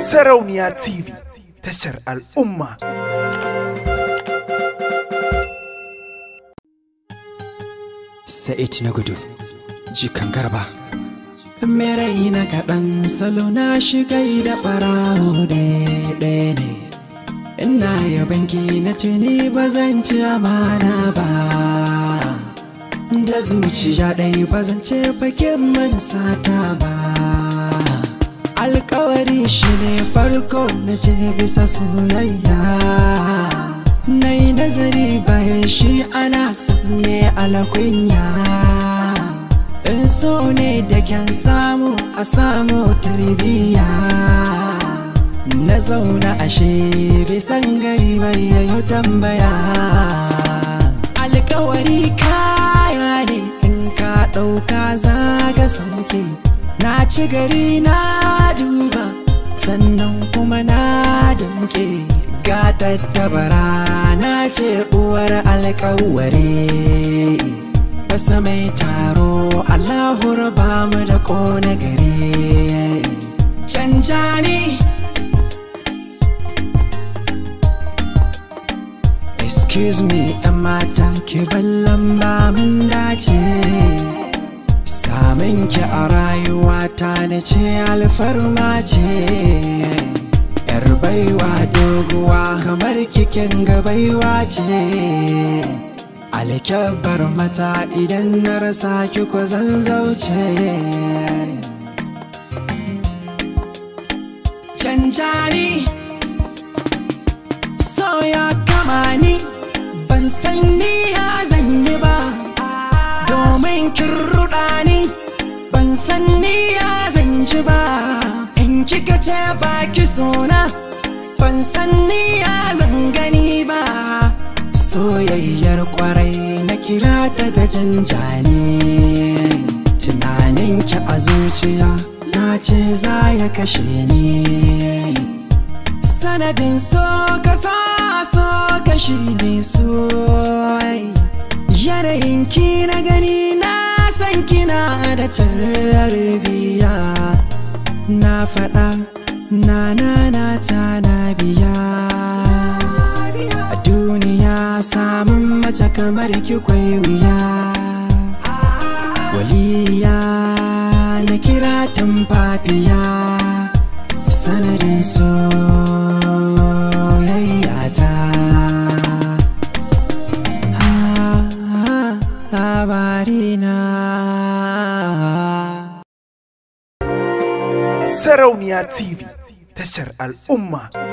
Sarauniya TV tashar al'umma. Sa'id na gudu, jikan garba. Merai na kaɗan salo na shigai da ɓarawo ɗaya ne. Ina yabanki na ce ni ba zan ci amana ba. Da zuciya ɗaya ba zan ce fagen man sata ba. farko na ce bisa soyayya na yi nazari bayan shi ana sanne alakunya in so ne da kyan samu a samu tarbiyya na zauna ashe san gari bai yayo tambaya alkawari kaya ne in ka ɗauka zaga sauke na ci gari na duk tattabara na ce uwar alƙawari Basa mai taro Allahur ba mu da na gari. Canjani Excuse me ‘yan mata ki ballon ba mun dace Samun ki a rayuwata na ce alfarma ce baiwa doguwa kamar kikin ga baiwa ce alkyabbar mata idan na rasa ki ko zan zauce canjani so ya kama ni ban san ni ya zan yi ba domin kin ruɗa ni ban san ni ya zan ji ba in kika ce baki sona ban san ni ya zan gani ba soyayyar kwarai na kira ta da janjani tunaninki a zuciya na ce za ya kashe ni sanadin so ka sa so kashi ne so yanayinki na gani na san kina da tarbiya na faɗa na na na ta na biya a duniya samun mace kamar ki kwai wuya waliya na kira tumfafiya sanadin so Sarauniya TV tashar al'umma.